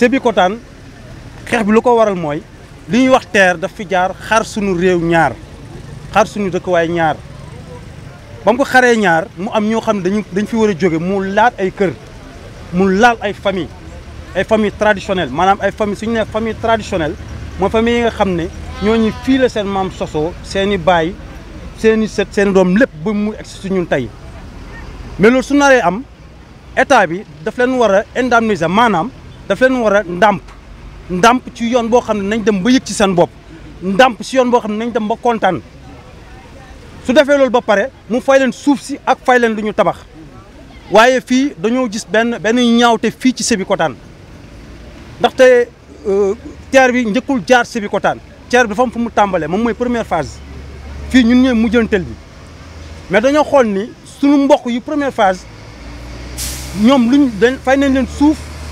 sebi kotan xex bi lu ko waral moy li ñuy wax terre daf fi jaar xar suñu rew ñaar xar suñu dekk way ñaar bam ko xare ñaar mu am ño xam dañu dañ fi wara jóge mu laal ay kër mu laal ay famille ay famille traditionnelle manam ay famille suñu ne famille traditionnelle mo famille yi nga xam ne ñooñu fii la seen maam sosoo seen i baay seen sët seen dom lépp bu mu ex suñu tey mais loolu su naré am état bi daf leen wara indemniser manam daf leen war a ndàmp ndàmp ci yoon boo xam ne nañ dem ba yëg ci seen bopp ndàmp si yoon boo xam ne nañ dem ba kontaan su defee loolu ba pare mu fay leen suuf si ak fay leen lu ñu tabax waaye fii dañoo gis benn benn ñaawte fii ci Sébikotane ndaxte euh, TER bi njëkkul jaar Sébikotane TER bi dafa am fu mu tàmbalee moom mooy première phase fii ñun ñooy mujjantel bi mais dañoo xool ni suñu mbok yi première phase ñoom luñ dañ fay nañ leen suuf.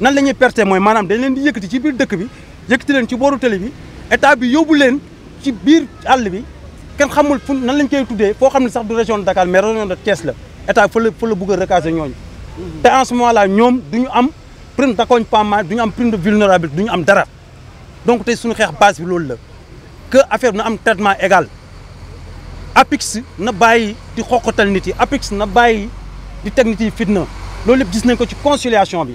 nan lañuy perté moy manam dañ leen di yëkëti ci biir dëkk bi yëkëti leen ci booru télé bi état bi yobul leen ci biir all bi kenn xamul fu nan lañ koy tuddé fo xamni sax du région de Dakar mais région de Thiès la état fa la fa la bëgg a recaser ñooñu mmh. te en ce moment là ñoom duñu am prime d'accompagnement duñu am prime de vulnérabilité duñu am dara donc tay suñu xex base bi lool la que affaire na am traitement égal apex na bayyi di xoqatal nit yi apex na bayyi di tek nit yi fitna loolu lépp gis nañ ko ci conciliation bi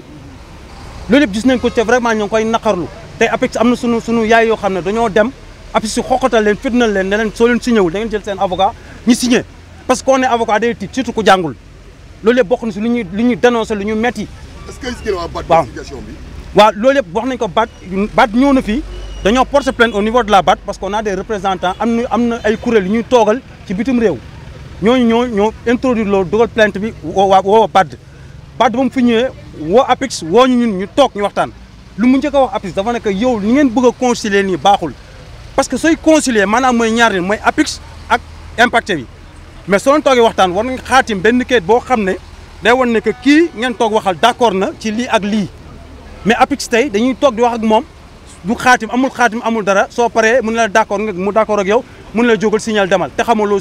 loolu yëpp gis nañ ko té vraiment ñoo koy nakarlu té APEX amna suñu suñu yaay yo xam dañoo dem APEX si xoqatal leen fitnal leen ne leen soo leen signéwul da ngeen jël seen avocat ñu signé parce qu'on est avocat day tiit surtout ku jangul loolu yëpp bokk na si lu ñuy dénoncé lu metti est-ce que gis ngeen waa BAD investigation bi wa loolu yëpp wax nañ ko BAD BAD ñëw na fi dañoo porte plainte au niveau de la bat parce qu'on a des représentants amna na ay kuréel yu ñuy toogal ci bitum rew ñoo ñoo ñoo introduire loolu dugal plainte bi wa wa BAD baat ba mu fi ñëwee woo APIX woo ñu ñun ñu toog ñu waxtaan lu mu njëkk a wax APIX dafa nekk yow ni ngeen bëgg a concilier nii baaxul parce que sooy concilier maanaam moy ñaar mooy APIX ak impacté bi mais soo toogee waxtaan war nga xaatim benn kayit boo xam ne day wan ne que kii ngeen toog waxal d'accord na ci lii ak lii mais APIX tey dañuy toog di wax ak moom du xaatim amul xaatim amul dara soo paree mun na la d'accord nga mu d'accord ak yow mun na la jógal signal demal te xamoo loo